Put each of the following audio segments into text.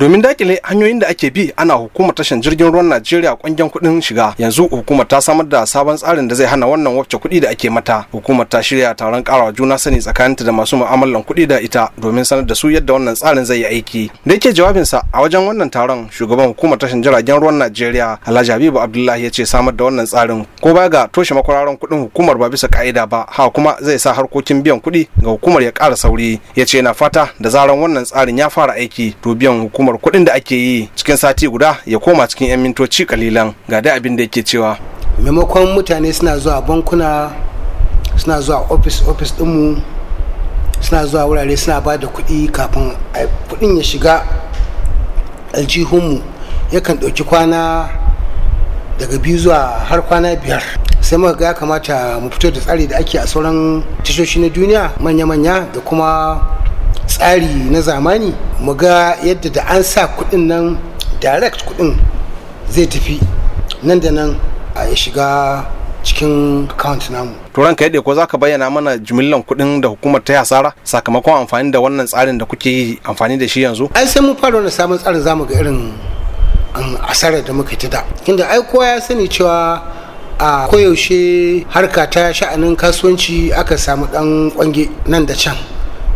domin dakile hanyoyin da ake bi ana hukumar tashar jirgin ruwan najeriya kwangen kuɗin shiga yanzu hukumar ta samar da sabon tsarin da zai hana wannan wacce kuɗi da ake mata hukumar ta shirya taron karawa juna sani tsakaninta da masu mu'amalan kuɗi da ita domin sanar da su yadda wannan tsarin zai yi aiki da yake jawabinsa a wajen wannan taron shugaban hukumar tashar jiragen ruwan najeriya alhaji habibu abdullahi ya ce samar da wannan tsarin ko baya ga toshe makwararan kuɗin hukumar ba bisa ka'ida ba ha kuma zai sa harkokin biyan kuɗi ga hukumar ya ƙara sauri ya ce fata da zaran wannan tsarin ya fara aiki to biyan hukumar rungumar kuɗin da ake yi cikin sati guda ya koma cikin 'yan mintoci kalilan ga da abin da yake cewa maimakon mutane suna zuwa bankuna suna zuwa ofis ofis dinmu suna zuwa wurare suna ba da kuɗi kafin kuɗin ya shiga aljihunmu yakan ɗauki kwana daga biyu zuwa har kwana biyar sai muka ga ya kamata mu fito da tsari da ake a sauran tashoshi na duniya manya-manya da kuma tsari na zamani mu ga yadda da an sa kuɗin nan direct kuɗin zai tafi nan da nan a ya shiga cikin account namu. Turan ka yadda ko za ka bayyana mana jimillan kuɗin da hukumar ta hasara sakamakon amfani da wannan tsarin da kuke yi amfani da shi yanzu? Ai sai mun fara wani sabon tsarin zamu ga irin um, asarar da muka ta da. Inda ai kowa ya sani cewa a koyaushe harka ta sha'anin kasuwanci aka samu ɗan kwange nan da can.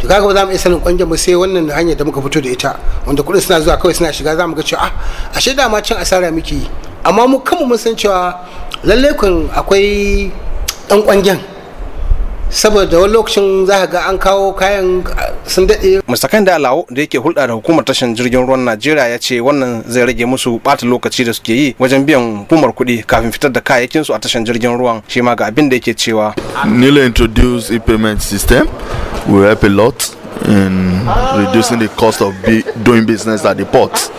to kaga ba za mu iya sanin kwanjan ba sai wannan hanyar da muka fito da ita wanda kudin suna zuwa kawai suna shiga za mu ga cewa ah ashe dama cin asara muke yi amma mu kanmu mun san cewa lalle kun akwai ɗan kwangen saboda wani lokacin za ka ga an kawo kayan sun daɗe mustakan da alawo da yake hulɗa da hukumar tashin jirgin ruwan najeriya ya ce wannan zai rage musu ɓata lokaci da suke yi wajen biyan hukumar kuɗi kafin fitar da kayayyakin su a tashin jirgin ruwan shi ma ga abin da yake cewa Nila introduced e system will help a lot in reducing the cost of doing business at the port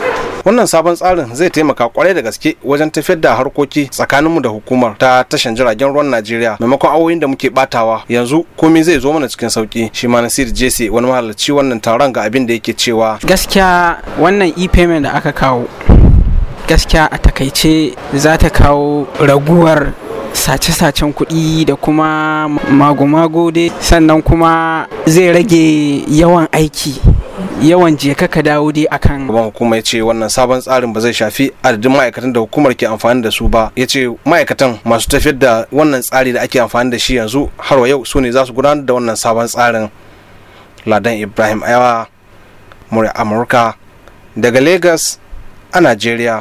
wannan sabon tsarin zai taimaka kwarai da gaske wajen tafiyar da harkoki tsakaninmu da hukumar ta tashan jiragen ruwan najeriya maimakon awoyin da muke batawa yanzu komai zai zo mana cikin sauki shi ma nasir jesse wani mahalarci wannan taron ga abin da yake cewa gaskiya wannan e-payment da aka kawo gaskiya a takaice za ta kawo raguwar sace-sacen kuɗi da kuma mago-mago dai sannan kuma zai rage yawan aiki yawan je ka dawo dai akan ban hukuma ya ce wannan sabon tsarin ba zai shafi adadin ma'aikatan da hukumar ke amfani da su ba yace ma'aikatan masu tafiyar da wannan tsari da ake amfani da shi yanzu har wa yau su ne za su gudanar da wannan sabon tsarin ladan ibrahim ayawa murya amurka daga lagos a nigeria.